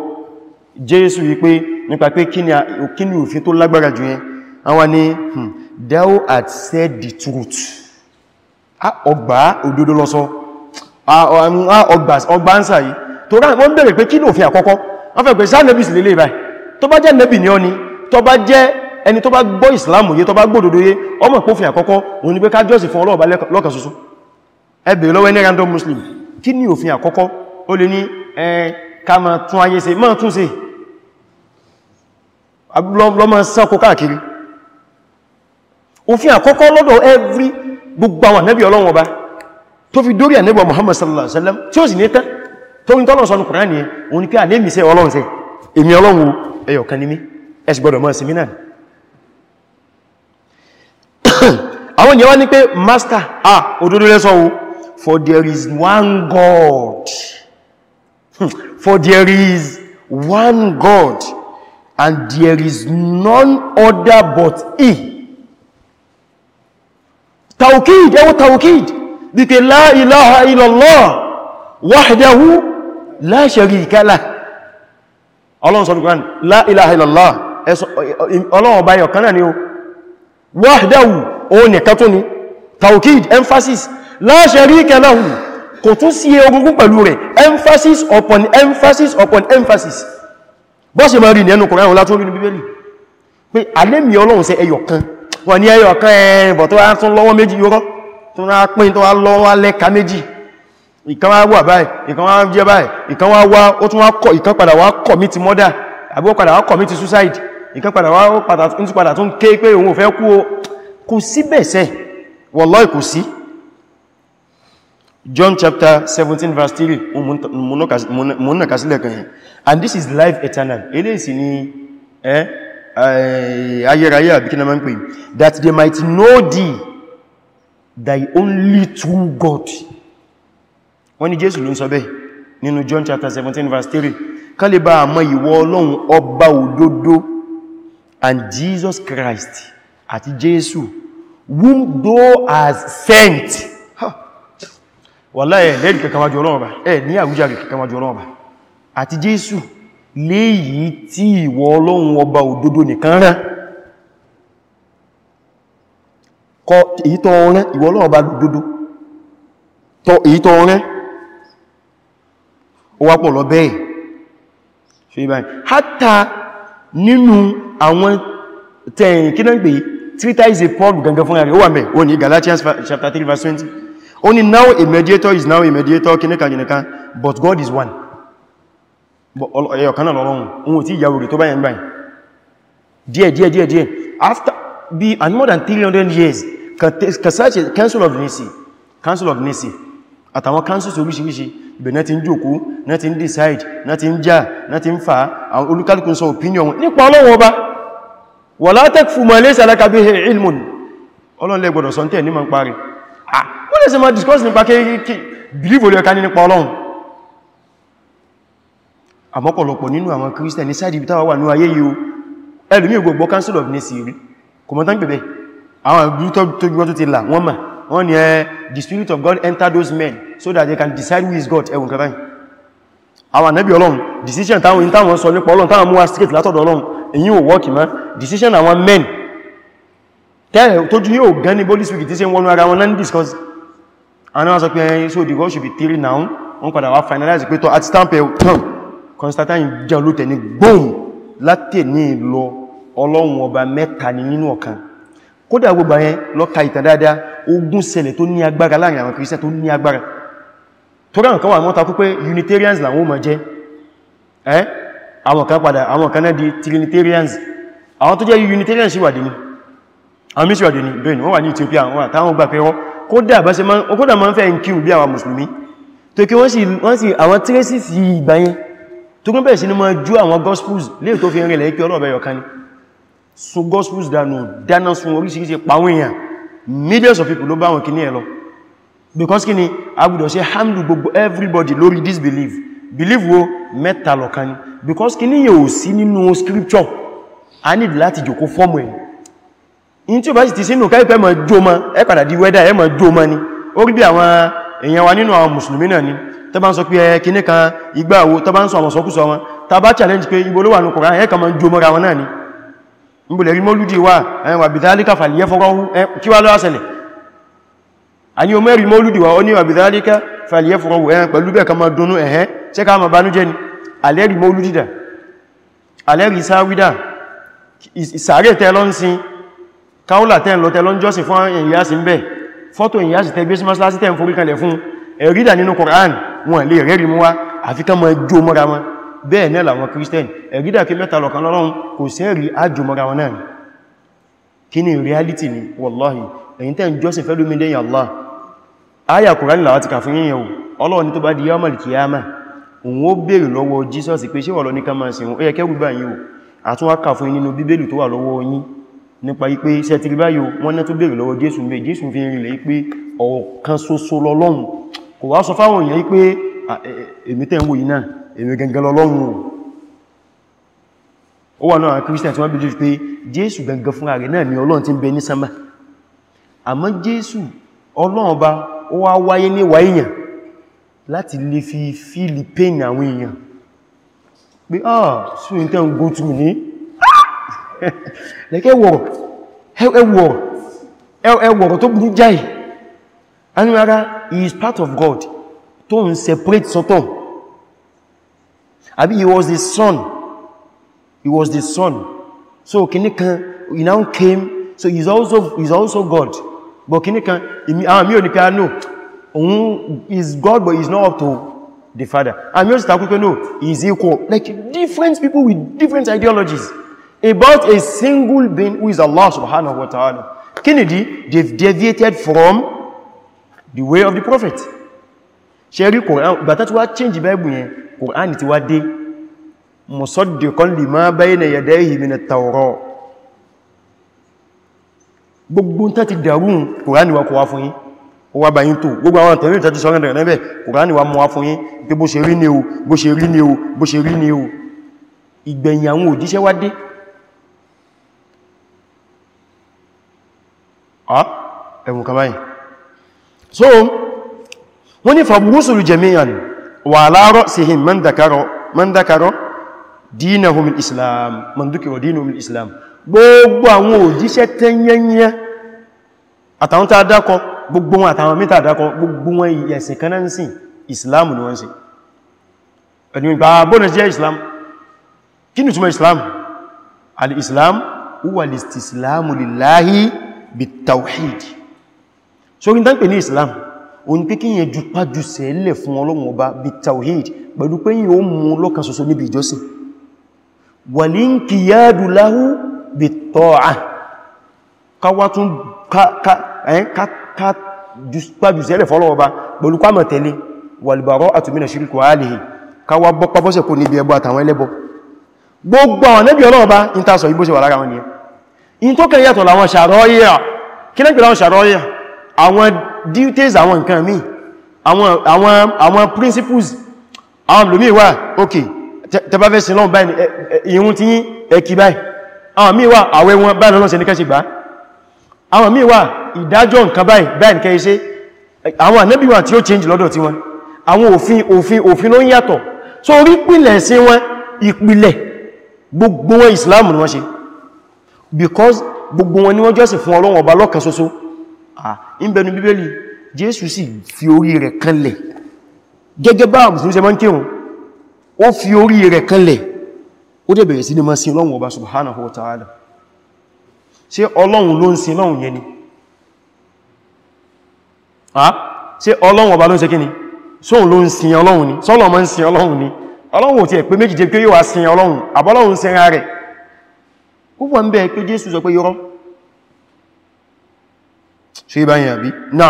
Jésù wípé nípa pé kí ni òfin tó lágbára jù yẹn àwọn ni hmm, thou had said the truth ọgbà òdodo ló sọ ọgbà ń sàyí tó rán wọ́n bèèrè pé kí ni òfin àkọ́kọ́ wọ́n fẹ́ pẹ̀ sáà nẹ́bì sílé lè báyìí tó bá jẹ́ nẹ́bì ní ọ́ ni tó bá jẹ́ ẹni tó bá gbọ́ ìsìlámù yé tó bá gbọ́dòdó yé ọmọ ìpófin àkọ́kọ́ òun ni pé ká jọ́sìn fún Ọlọ́run lọ́kan ṣoṣo ẹbẹ̀ lọ́wọ́ ní random muslim kí ni òfin àkọ́kọ́ ó lè ní ẹ ká ma tún ayé ṣe máa tún ṣe lọ́mọ sánkó káàkiri òfin àkọ́kọ́ lọ́dọ̀ every gbogbo àwọn ànábì Ọlọ́run ba, tó fi dórí ànábì Muhammad sallallahu alaihi wasallam tí ó sì ní tán tó ní tọ́lọ̀ sọ́nù Kùránì yẹn òun ni pé ànábì àwọn ìyẹn ní pé master ah òdodo lẹ́sọ́ For there is one God. Hmm. For there is one God, and there is none other but He. Tawkid, ẹwọ Tawkid, díkẹ la ilaha illallah, wahdahu, la sharika lah. Ọlọ́run sọ́dún kan, la ilaha illallah, ọlọ́run ọba yọ̀ kan náà ni ó. Wahdahu, ó nìkan tó ni. Tawkid, emphasis, la sharika lahu kò tún sí ogungún pẹ̀lú rẹ̀ emphasis upon emphasis upon emphasis bọ́ sí ma rí ní ẹnu kùnrin àwọn látún rí ní bíbélì pé alẹ́mì ọlọ́run ṣe ẹyọ kan wọ́n ní ẹyọ kan ẹ̀rìnbọ̀ tó wá tún lọ́wọ́ méjì yóò tún rá pín tó wá lọ́wọ́ alẹ́ka méjì ìkan wá wà báyìí ìkan wá jẹ́ báyìí ìkan wá wá ó tún wá kọ̀ ìkan padà wá commit murder àbí ó padà wá commit suicide ìkan padà wá padà tún ké pé òun ò fẹ́ kú o kò sí bẹ̀sẹ̀ wallahi kò sí John chapter 17 verse 3 múnà kásílẹ̀ kan and this is life eternal ilé ìsì ni ayérayé àbíkínà máa ń pè that they might know thee thy only true God wọ́n ni Jésù ló ń sọ nínú John chapter 17 verse 3 kálíbà àmọ́ ìwọ Ọlọ́run ọba òdodo and Jesus Christ àti Jésù whom thou hast sent wallahi lẹ́rì kẹkẹwàjú ọlọ́run ọba ẹ ní àwújáre kẹkẹwàjú ọlọ́run ọba àti jésù léyìí tí ìwọ ọlọ́run ọba òdodo nìkan rán kọ èyí tọ́ ọ̀rẹ́ ìwọ ọlọ́run ọba òdodo tọ èyí tọ́ ọ̀rẹ́ ó wá pọ̀ lọ bẹ́ẹ̀ ṣe ìbáyìí hátà nínú àwọn tẹ̀yìn kí náà gbé treatise paul gangan fún ààrẹ ó wà mẹ́ Galatians chapter 3 verse 20 only now a mediator is now a mediator kinika kinika. but God is one But ọ̀kan náà lọ́rọ̀un ohun tí ìyàwó rẹ̀ tó báyẹ̀ báyẹ̀ díẹ̀ díẹ̀ díẹ̀ díẹ̀ after be and more than 300 years kàsáàkì council of nisi, council of nisi, àtàwọn councils oríṣiríṣi ibẹ̀ náà ti ń jòkó náà ti ń decide náà ti ń já náà ti ń fa àwọn olúkálùkùn sọ opinion wọn nípa Ọlọ́run Ọba wala takfu ma laysa laka bihi wọ́n lè ṣe máa discuss nípa kéèkéè believe olóẹ̀ká ní nípa ọlọ́run àmọ́pọ̀lọpọ̀ nínú àwọn Christian ní sáàdì ìbítàwà wà ní ayé yíò ẹlùmí ògbògbò council of nation rí kọmọtán pẹ̀bẹ̀ àwọn ìbí tó gbọ́ tó ti là wọ́n mà wọ́n ni ẹ eh, the spirit of God enter those men so that they can decide who is God ẹwùn kẹfà àwọn ànábì ọlọ́run decision táwọn ìtàwọn sọ nípa ọlọ́run táwọn mú wa straight látọ̀dọ̀ ọlọ́run èyí ò wọ́ọ̀kì mọ́ decision àwọn men tẹ́ẹ̀ tójú yóò gan ní bólísìwìkì tí ṣe ń wọnú ara wọn náà ní discuss and wọ́n sọ pé ẹyìn so the goal should be three now wọ́n padà wá finalize pé tọ́ àti stamp ẹ̀ tán Constantine jẹ́ olóòtẹ̀ ní gbóòm láti ní lọ ọlọ́run ọba mẹ́ta ní nínú ọ̀kan kódà gbogbo yẹn lọ́ka ìtàn dáadáa ogun ṣẹlẹ̀ tó ní agbára láàrin àwọn kìrìsẹ́ tó ní agbára torí àwọn kan wà wọ́n takú pé Unitarians làwọn ma jẹ́ ẹ́ àwọn kan padà àwọn kan náà di Trinitarians àwọn tó jẹ́ Unitarians ṣíwàdí ni àwọn mí ṣíwàdí ni bẹ́ẹ̀ ni wọ́n wà ní Ethiopia àwọn àtàwọn gbà pé kódà bá ṣe kódà ma ń fẹ́ nkíù bí àwọn mùsùlùmí tó kí wọ́n sì àwọn tracy sí ìgbà yẹn tó kún bẹ̀rẹ̀ sí ni ma jú àwọn gospels lè tó fi rìnlẹ̀ ikú ọlọ́ọ̀bẹ̀ yọkan ni so gospels dànù dáná sun oríṣiríṣi millions of people ló bá wọn kì ní because kí ni a gbọ́dọ̀ ṣe everybody lórí disbelief belief wo mẹ́ta lọ̀kan because kí ni yóò sí scripture a need láti jòkó in tí ó bá sì ti sínú káìpẹ́ mọ̀ jóma ẹ padà di wẹ́dà ẹ mọ̀ jóma ni ó rí bí àwọn èèyàn wa nínú àwọn mùsùlùmí náà ni tó bá ń sọ pé ẹ kíní kan ìgbàwo tó bá ń sọ àwọn sọkúsọ wọn ta bá challenge pé ibo ló wà ní Kùránì ẹ kàn mọ̀ jóma ra wọn náà ni níbo lè rí mọ́lúdì wà ẹn wà bìtálíkà fàlìyẹ fọ́rọ́hú kí wá lọ́wọ́ sẹlẹ̀ àní o mẹ́rin mọ́lúdì wà ó ní wà bìtálíkà fàlìyẹ fọ́rọ́hú ẹn pẹ̀lú bẹ́ẹ̀ kan mọ́ dunnú ẹ̀hẹ́ ṣe ká mọ̀ banújẹ́ ni alẹ́rì mọ́lúdì dà alẹ́rì sáwídà ìsàárẹ̀ tẹ́lọ́nsìn káúlà tẹ́ lọ tẹ́lọ jọ́sìn fún ìyásí ń bẹ̀ fọ́tò ìyásí tẹ́ gbé sí mọ́sílásí tẹ́ ń forí kalẹ̀ fún ẹ̀rídà nínú Qur'an wọn lè rẹ́rì mú wá àfi ká máa jó mọ́ra wọn bẹ́ẹ̀ náà làwọn Christian ẹ̀rídà kí mẹ́ta reality ni wallahi ẹ̀yin tẹ́ ń jọ́sìn Allah aya Qur'an làwọn ti kà fún yínyẹ̀ o Ọlọ́run tó bá di yawm al-kiyama òun ó bèèrè lọ́wọ́ Jesus pé ṣé wọ́n lọ ní ká máa sìn nípa ipé sẹ́tìrí báyìí wọ́n náà tó bèèrè lọ́wọ́ Jésù mẹ́ Jésù fi ń rí lẹ́ pé ọ̀kan ṣoṣo lọ́lọ́run kò wá sọ fáwọn èèyàn pé èmi tẹ́ ń wò yìí náà èmi gangan lọ́lọ́run ó wà náà Christian tí wọ́n bí pé Jésù gangan fúnra rẹ̀ náà ni Ọlọ́run ti ń bẹ ní sánmà àmọ́ Jésù Ọlọ́run bá ó wá wáyé ní wà èèyàn láti lè fi fílì àwọn èèyàn pé ah sí ẹwọ̀rọ̀ tó burú jáì anúrara he is part of God tó ń separate sọ́tọ̀ àbí he was the son he was the son so kìníkan he now came so he is also, he is also God but kìníkan àwọn ah, mí ò ní pé a ah, no òun is God but he is not up to the father and ah, mí ò sì takú pé no he is equal like different people with different ideologies about a single being who is Allah subhanahu wa ta'ala. Kennedy, they've deviated from the way of the prophet. Sherry Quran, but that's what changed the Bible Quran is what they Musaddiqan lima bayna yadayhi min at-Tawrah. Gbogbo nta ti dàrú Quran wá kó wá fún yín. Ó wá bá yín tó. Gbogbo àwọn tawrah tá ti sọ ran ran be. Quran wá mú wá fún yín pé bó ṣe rí ni o, bó ṣe rí ni o, bó ṣe rí ni o. Ìgbẹ̀yìn àwọn òjíṣẹ́ wá dé. Ah, ẹ̀wùn kàbáyìn so wọ́n ní fàbúrúsùlù jami'an wà láàárọ̀ sí him man dákarọ̀ dínahum islam man dúkìrọ̀ dínahum islam gbogbo àwọn òjíṣẹ́ tẹ́yẹnyẹ àtàwọn tàà dákọ gbogbo wọn àtàwọn mítà dákọ gbogbo wọn ìyẹ̀sìn kan náà sí islam ni wọ́n sí bitawhid sórí tán pè ní islam o ní pé kí yẹn jùpá jù sẹ́lẹ̀ fún ọlọ́run ọba bitawhid pẹ̀lú pé yíò mú lọ́kan ṣoṣo níbi ìjọsìn wal-inqiyadu lahu bit-ta'ah káwá tún ká jùpá jù sẹ́lẹ̀ fún ọlọ́run ọba pẹ̀lú ká máa tẹ̀lé wal-bara'atu mina shirki wa alihi káwá bọ́pá bọ́sẹ̀ kò níbi ẹbọ àtàwọn ẹlẹ́bọ gbogbo àwọn nẹ́bí ọlọ́run ọba ń tàṣọ ìbóṣẹ̀ wà lára wọn nìyẹn in tó kàn yàtọ̀ làwọn ṣàrọ́yà kí lẹ́gbẹ̀ láwọn ṣàrọ́yà àwọn duties àwọn nǹkan mi àwọn àwọn àwọn principles àwọn lòmí wà ok tẹbàfẹ́ sí lọ́n báyìí ìhun tí yí ẹkì báyìí àwọn míì wà àwẹ́ wọn báyìí lọ́nà sẹ́ni kẹ́sì kẹ́ change lọ́dọ̀ tí wọn àwọn òfin òfin òfin ló so orí pìlẹ̀ sí wọn ìpìlẹ̀ gbogbo wọn ìsìláàmù ni wọ́n ṣe because gbogbo wọn ni wọ́n jọ́sìn fún Ọlọ́run ọba lọ́kan ṣoṣo in bẹnu bíbélì Jésù sì fi orí rẹ̀ kanlẹ̀ gẹ́gẹ́ bá Mùsùlùmí ṣe máa ń kírun ó fi orí rẹ̀ kanlẹ̀ ó dẹ̀ bẹ̀rẹ̀ sí ní máa sin Ọlọ́run ọba subhanahu wa ta'ala ṣé Ọlọ́run ló ń sin Ọlọ́run yẹn ni ṣé Ọlọ́run ọba ló ń ṣe kí ni sóhun ló ó wọ́n bẹ́ẹ̀ pé Jésù sọ pé yọ́rọ́ ṣe báyìí àbí náà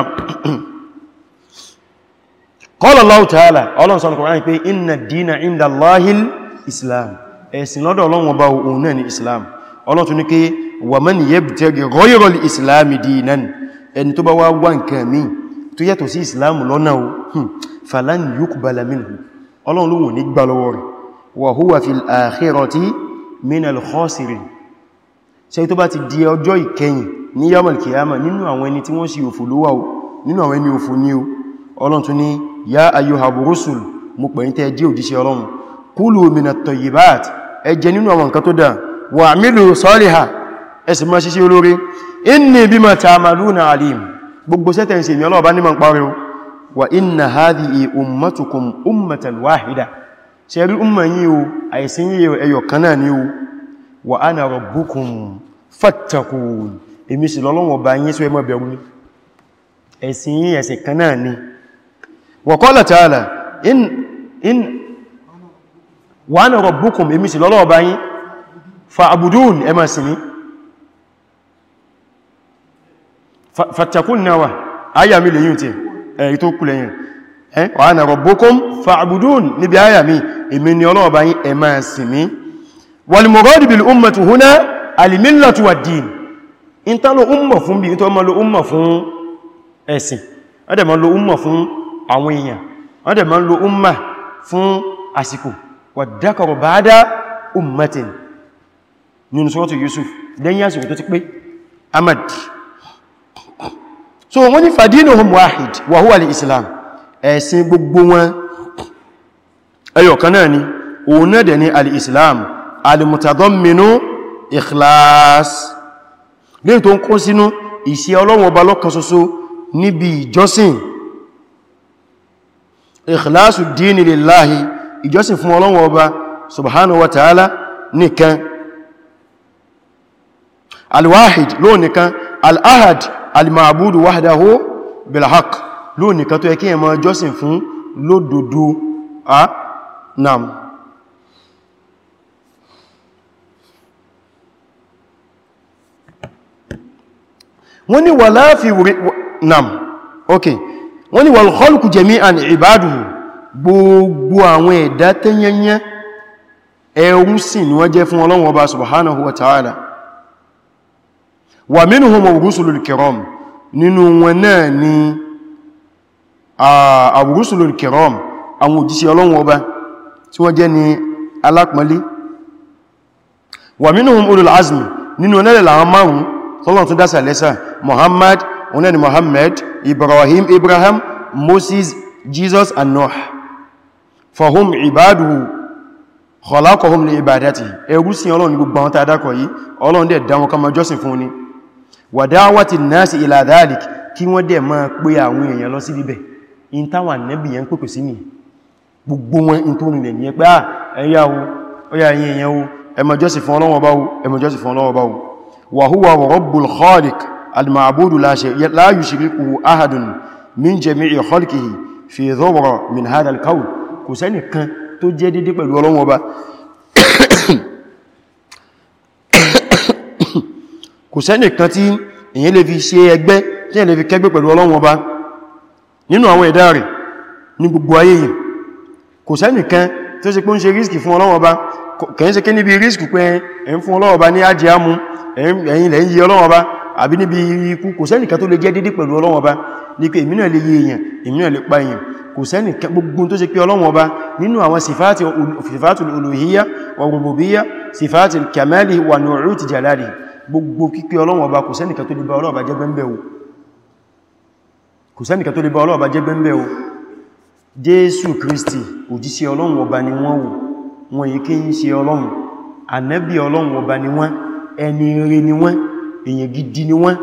qala Allahu ta'ala ọlọ́run sọ Al-Qur'an pé inna ad-dina 'inda Allahil Islam ẹ̀sìn lọ́dọ̀ ọlọ́run ọba òun náà hmm, minhu ọlọ́run ló wọ́n ní gbà lọ́wọ́ rẹ̀ wa huwa fil akhirati minal khasirin ṣe tó bá ti di ọjọ́ ìkẹyìn ní yamal kiyama nínú àwọn ẹni tí wọ́n sì òfò ló wà o nínú àwọn ẹni òfò ní o ọlọ́run tún ní ya ayyuhar rusul mo pè yín tẹ́ jẹ́ òjíṣẹ́ ọlọ́run kulu minat tayyibat ẹ jẹ nínú àwọn nǹkan tó dá wa amilu saliha ẹ sì máa ṣiṣẹ́ olóore inni bima ṣe rí umma yí o àìsín yí ẹyọ kan náà ni o wa ana fattakun èmi sì lọ́lọ́wọ̀ bá yín sọ ẹmọ́ bẹ̀rún ní ẹ̀sìn yí ẹ̀sìn kan náà ni wa qala ta'ala in in wa ana rabbukum èmi sì lọ́lọ́wọ̀ bá yín fa'budun ẹmọ́ sí ní fattakun náwà ayà mi lèyìn tí ẹ̀rí tó kú lẹ́yìn wa ana alìmílọ̀tí wà dìí in ta lo umma fún bí nítorí ma lo umma fún ẹ̀sìn ọdẹ̀ ma lo umma fún àwọn èèyàn ọdẹ̀ ma lo umma fún àsìkò wà dákọrọ̀ bá dá ummatin nínú sọ́tọ̀ Yusuf lẹ́yìn àsìkò tó ti pé so wọ́n ni fadinuhum wahid wa huwa al-Islam ẹ̀sìn gbogbo wọn ẹyọ̀kan náà ni òun náà dẹ̀ ikhlas ní tó ń kó sínú ìṣẹ́ Ọlọ́run ọba lọ́kan ṣoṣo níbi ìjọsìn ikhlasu dini lillahi ìjọsìn fún Ọlọ́run ọba subhanahu wa ta'ala nìkan alwahid ló nìkan al'ahad alma'budu wahdahu bilhaq ló nìkan tó yẹ kí ẹ fún lódodo a ah, nam wọ́n ní wà láàfi nam ok wọ́n ní wà lọ́lùkù jẹ́mí àn ìbádù gbogbo àwọn ẹ̀dá tẹ́yẹnyẹ ẹ̀rún sì ni wọ́n jẹ́ fún Ọlọ́run Ọba subhanahu wa ta'ala wà minhum ar-rusulul kiram nínú wọn náà ni ar-rusulul àwọn òjíṣẹ́ Ọlọ́run Ọba tí wọ́n jẹ́ ni alápọ̀lé wà minhum ulul azmi nínú náà làwọn márùn-ún tọ́lọ̀ tún dásà lẹ́sà Muhammad onẹni Muhammad Ibrahim Abraham. Moses Jesus and Noah For whom ibadu khalaqahum li ibadati ẹrúsìn Ọlọ́run gbogbo àwọn tàdákọ̀ yìí Ọlọ́run dẹ̀ dáwọn kama jọ́sìn fún ni wa da'wati nasi ila dhalik kí wọ́n dẹ̀ máa pé àwọn èèyàn lọ sí bíbẹ̀ in táwà nẹ́bì yẹn pèpè sí ní gbogbo wọn in tó rìnlẹ̀ ní ẹgbẹ́ ẹ̀yà o ẹ̀yà وهو رب الخالق المعبود لا يشركه أحد من جميع خلقه في ذرة من هذا الكون kò كان kan tó jẹ́ dédé pẹ̀lú Ọlọ́run Ọba kò sẹ́ni kan tí èyàn lè fi ṣe ẹgbẹ́ tí èyàn lè fi kẹgbẹ́ pẹ̀lú Ọlọ́run Ọba nínú àwọn ẹ̀dá rẹ̀ ní gbogbo ayé yìí kan tó ṣe pé ń ṣe rísìkì fún Ọlọ́run Ọba kẹ́yìn se kí níbi rísìkù pé ẹ̀yìn fún Ọlọ́run Ọba ní ájẹ́ ámú ẹ̀yìn lẹ́yìn yí Ọlọ́run Ọba àbí níbi ikú kò sẹ́nìkan tó lè jẹ́ dédé pẹ̀lú Ọlọ́run Ọba ní pé èmì náà lè yí èèyàn èmì náà lè pa èèyàn kò sẹ́nìkan gbogbo tó ṣe pé Ọlọ́run Ọba nínú àwọn sifáàtì olùhíyá wa rububiyya sifáàtì o Jésù Kristi òjíṣẹ́ Ọlọ́run Ọba ni wọ́n wò wọn yìí kí ń ṣe ọlọ́run ànábì ọlọ́run ọba ni wọ́n ẹni rere ni wọ́n èyàn gidi ni wọ́n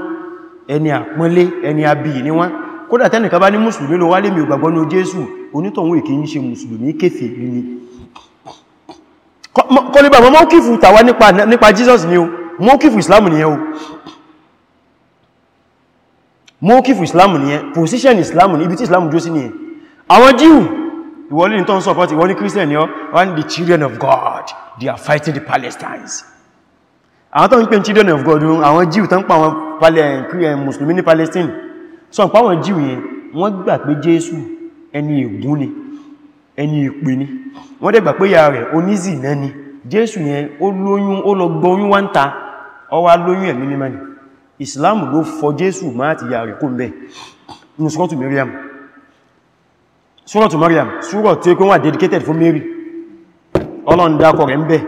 ẹni àpọ́nlé ẹni abiyì ni wọ́n kódà tẹ́nìkan bá ní mùsùlùmí ló wálé mi ò gbàgbọ́ ní jésù onítọ̀hún èkì ń ṣe mùsùlùmí kèfèrí jesus ni o mọ́kífù islam ni o mọ́kífù islam ni position islam ni ibi islam dúró sí ni ìwọ́lú ní tó ń support ìwọ́lú Christian ni ọ́ wọ́n the children of God they are fighting the Palestinians àwọn tó ń pè children of God àwọn Jew tó ń pa àwọn eh, Mùsùlùmí ní Palestine so pa àwọn Jew yẹn wọ́n gbà pé Jésù ẹni ègún ni ẹni ìpè ni wọ́n dẹ̀ gbà pé ya rẹ̀ onízì náà ni Jésù yẹn ó lóyún ó lọ gbọ́yún wá ń ta ó lóyún ẹ̀mí mímọ́ ni Islam ló fọ Jésù máa ti ya rẹ̀ kó ń bẹ̀ nùsùkọ́tù Miriam suratu Maryam súrọ̀ tí ó kún wà dedicated fún Mary Ọlọ́run dákọ̀ rẹ̀ ń bẹ̀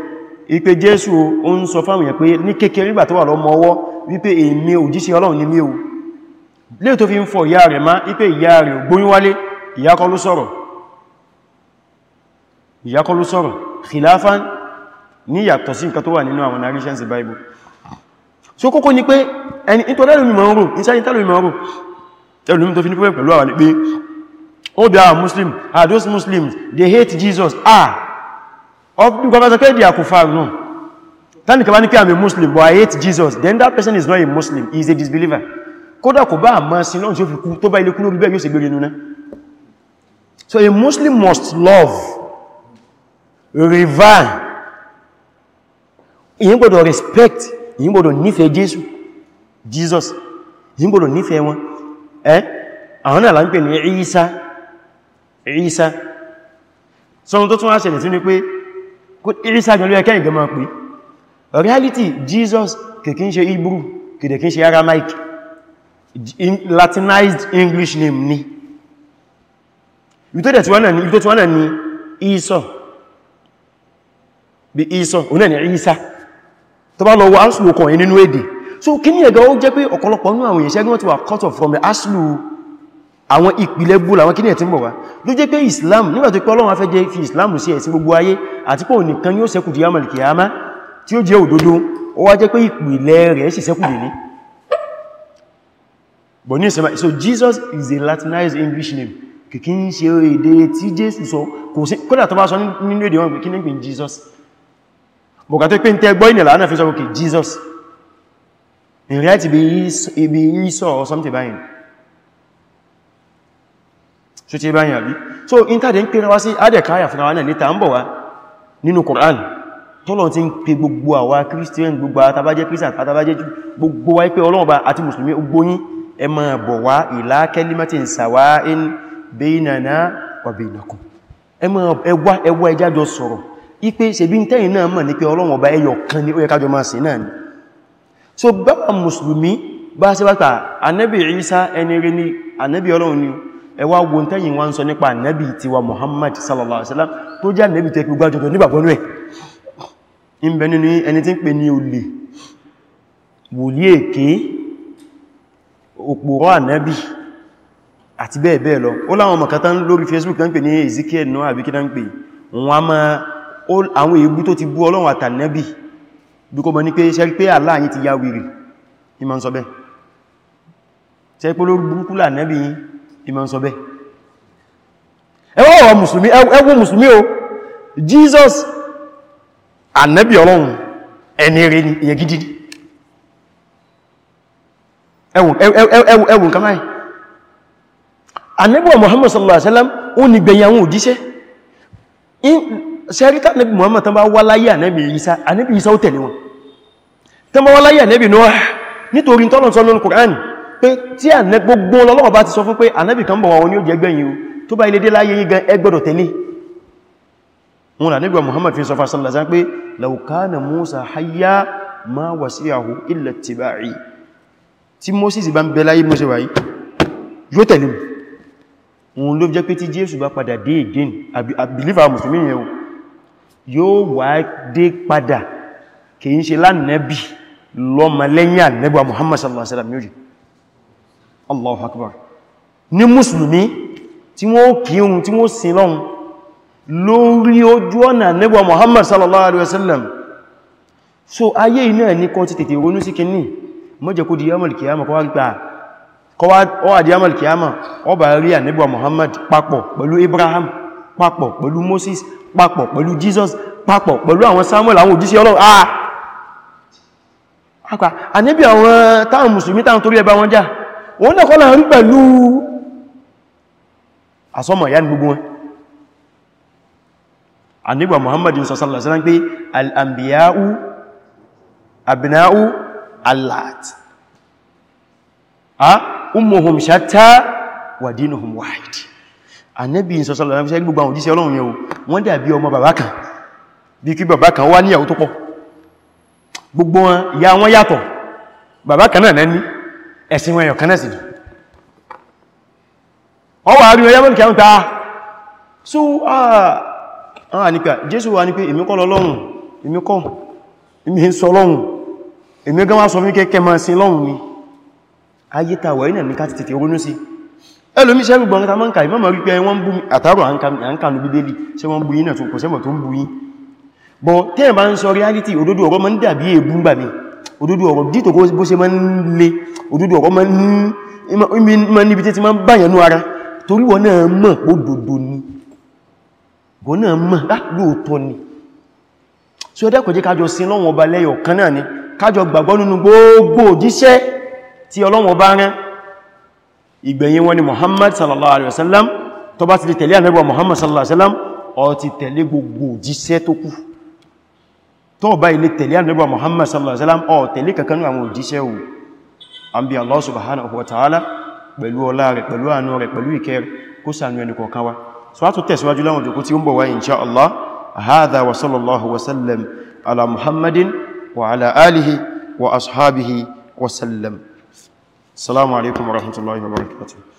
ìpé Jésù ó ń sọ fáwọn èèyàn pé ní kékeré ìgbà tó wà lọ́mọ ọwọ́ wípé èmi òjíṣẹ́ Ọlọ́run ni mí o lè tó fi ń fọ ìyá rẹ̀ má wípé ìyá rẹ̀ gbóyún wálé ìyá kọ́ ló sọ̀rọ̀ ìyá kọ́ ló sọ̀rọ̀ khilafan ní yàtọ̀ sí nǹkan tó wà nínú àwọn narrations the ni pé ẹni nítorí ẹlòmí oh they are muslim ah those muslims they hate jesus ah of the government pé they are kufar no Then the ní pé i'm a muslim but i hate jesus then that person is not a muslim he is a disbeliever kódà kò bá àmá sí náà tí ó fi kú tó bá ilé kú lórí yóò sì gbé nínú so a muslim must love revere ìyìn gbọ́dọ̀ respect ìyìn gbọ́dọ̀ nífẹ̀ẹ́ jesus jesus ìyìn gbọ́dọ̀ nífẹ̀ẹ́ wọn eh àwọn náà là ń ní Isa Ìsá sọ́run tó tún wá ṣẹlẹ̀ sí ní pé Ìsá gan ló ẹkẹ́ ìgbẹ̀mọ̀ pé reality Jesus kìkín ṣe Hebrew kìdẹ̀kín ṣe Aramaic Latinized English name ni ìtò tí wọ́n náà ni Ìsá bí Ìsá oní ẹni Ìsá tó bá lọ wọ aslu kan nínú èdè so kí ní ẹ̀gọ́ ó jẹ́ pé ọ̀pọ̀lọpọ̀ nínú àwọn èèyàn ṣẹ́gbọ́n ti wà cut off from the aslu àwọn ìpìlẹ̀ bú làwọn kí ní ń bọ̀ wá ló jẹ́ pé islam nígbàtí pé afẹ́ jẹ́ fi islam sí ẹ̀sìn gbogbo ayé àti pé òníkan yóò ṣẹ́kù díyàmà kìyàmá tí ó jẹ́ òdodo ó wá jẹ́ pé ìpìlẹ̀ rẹ̀ sì ṣẹ́kù dì so jesus is a latinized english name kìkí ń ṣe èdè tí jésù sọ kò sí kódà tó bá sọ nínú èdè wọn kí ní pín jesus bọ̀gá tó pé ń jesus in reality be he saw or something by so ti báyìí àbí so in tàbí ń pèrè wá sí adẹ̀káyà fún àwọn ní tàbí wá nínú Qur'an tọ́lọ̀ tí ń pe gbogbo àwa Christian gbogbo àtàbájẹ́ Christian àtàbájẹ́ gbogbo wa ipé ọlọ́ọ̀bá àti Mùsùlùmí ogbóyín ẹ máa bọ̀ wá ìlà kalimatin sawa'in baynana wa baynakum ẹ máa ẹwà ẹwà ẹjájọ sọ̀rọ̀ ipé ṣebí ń tẹ́yìn náà mọ̀ ní pé ọlọ́ọ̀bá ba kan ní ó yẹ so báwa Mùsùlùmí bá ṣe wáta Ànábì Ìsá ẹni rí ni Ànábì Ọlọ́run ni ẹ wá wo tẹ́yìn wá ń sọ nípa nẹ́bì tiwa Muhammad sallallahu alaihi wasallam tó jẹ́ nẹ́bì tẹ́ pí gbájọ́ tó nígbàgbọ́nú ẹ̀ in bẹ nínú ẹni tí ń pè ní olè wòlí èké òpòrò ànẹ́bì àti bẹ́ẹ̀ bẹ́ẹ̀ Facebook tán pè ní Ezekiel náà àbí kí tán pè wọn ma àwọn èébú tó ti bú Ọlọ́run àtànẹ́bì bí kò mọ̀ ní pé ṣe pé Allah yín ti yá wèrè ìmọ̀ ń sọ bẹ́ẹ̀ ṣe pé ló burúkú lànẹ́bì yìí ìmọ̀ sọ bẹ́ ẹwọ́ mùsùlùmí ẹwọ́ mùsùlùmí o Jesus ànábì ọlọ́run ẹni rẹ̀ ni èyẹ gidi ẹwùn kamáyì ànábì Muhammad sallallahu alaihi wasallam ó ní gbẹ̀yàwó òjíṣẹ́ ṣẹ́ríkà ànábì Muhammad tán bá wá láyé ànábì Isa ànábì Isa ó tẹ̀lé wọn tán bá wá láyé ànábì Noah nítorí tọ́lọ̀ sọ́nà Kùránì pé tí ànẹ́ gbogbo ọlọ́wọ́ bá ti sọ fún pé ànábì kan bọ̀ wọn ni ó jẹ́ gbẹ̀yìn o tó bá ilé dé láyé yí gan ẹ wọn nígbà Muhammad fi sọ fà sallá sán pé law kana Musa hayya ma wasi'ahu illa ittiba'i tí Moses bá ń bẹ láyé mọ́sí wáyé yóò tẹ̀lé mu òun ló jẹ́ pé tí Jésù bá padà dé again àbìlífà mùsùlùmí yẹn o yóò wá dé padà kìí ṣe lánàábì lọ́mọ lẹ́yìn ànẹ́gbà Muhammad sallallahu alaihi wasallam Allah Akbar ní mùsùlùmí tí wọ́n kírun tí wọ́n sin lọ́hun lórí ojú ọ̀nà Ànábì Muhammad sallallahu alaihi wasallam so ayé ina ni kan ti tètè ronú sí kìíní mọ́jẹ̀ kó di yamal kìyàmà kọwa gbà kọwa ọwà di yamal kìyàmà ó bá rí Ànábì Muhammad papọ̀ pẹ̀lú Ibrahim, papọ̀ pẹ̀lú Moses papọ̀ pẹ̀lú Jesus papọ̀ pẹ̀lú àwọn Samuel àwọn òjíṣẹ́ Ọlọ́run ah àníbí àwọn táwọn mùsùlùmí táwọn torí ẹbá wọn já wọ́n náà kọ́lá rí pẹ̀lú asọ́mọ̀ ya ní gbogbo wọn anigba muhammadin sallallahu alaihi wasallam pé al'ambiya'u abina'u allat a ummuhum shatta wa dinuhum wahid annabi sallallahu alaihi wasallam gbogbo àwọn òjíṣẹ́ Ọlọ́run yẹn wọ́n dàbí ọmọ bàbá kan bí kí bàbá kan wá níyàwó tó pọ̀ gbogbo wọn ìyá wọn yàtọ̀ bàbá kan náà ní ẹ̀sìn wọn ẹ̀yọ̀kan náà sì ọ wà rí ọyẹ́mọ̀ kẹrùn ta so ah, ah nípa jésù wà ní pé èmi kọ́ lọ́lọ́run èmi kọ́ èmi ń sọ lọ́run èmi gan wá sọ fún kẹ́kẹ́ máa sin lọ́run ni ayé ta wà ní ká tètè ronú sí ẹlòmí sẹ́rù gbọ́n ta mọ́ǹkà ìmọ́mọ̀ rí pé wọ́n bú àtàrò àǹkànú bíbélì ṣe wọ́n bú yí náà tó kò sẹ́mọ̀ tó ń bú yí reality òdodo ọ̀rọ̀ mọ́ ń dàbí òdúdú ọ̀rọ̀ dítò bó ṣe máa ń le òdúdú ọ̀rọ̀ máa ń níbi tí máa ń báyànú ara torí wọ́n náà mọ̀ pó dòdò ni wọ́n náà mọ̀ ah, lóòtọ́ ni so ẹ̀dẹ́kọ̀ jẹ́ kájọ sin lọ́wọ́n ọba lẹ́yọ̀ kan náà ni kájọ gbàgbọ́ nínú gbogbo òjíṣẹ́ tí ọlọ́wọ́n bá rán ìgbẹ̀yìn Muhammad sallallahu alaihi wasallam tó bá ti tẹ̀lé Ànábì Muhammad sallallahu alaihi wasallam ó ti tẹ̀lé gbogbo òjíṣẹ́ tó tó bá ilé tẹ̀lé ànábì Muhammad sallallahu alaihi wasallam ó tẹ̀lé kankan àwọn òjíṣẹ́ o an bí Allah subhanahu wa ta'ala pẹ̀lú ọlá rẹ̀ pẹ̀lú àánú rẹ̀ pẹ̀lú ìkẹ́ rẹ̀ kó ṣàánú ẹni kọ̀ọ̀kan wa so a tún tẹ̀síwájú láwọn jòkó tí ó ń bọ̀ wá insha Allah hadha wa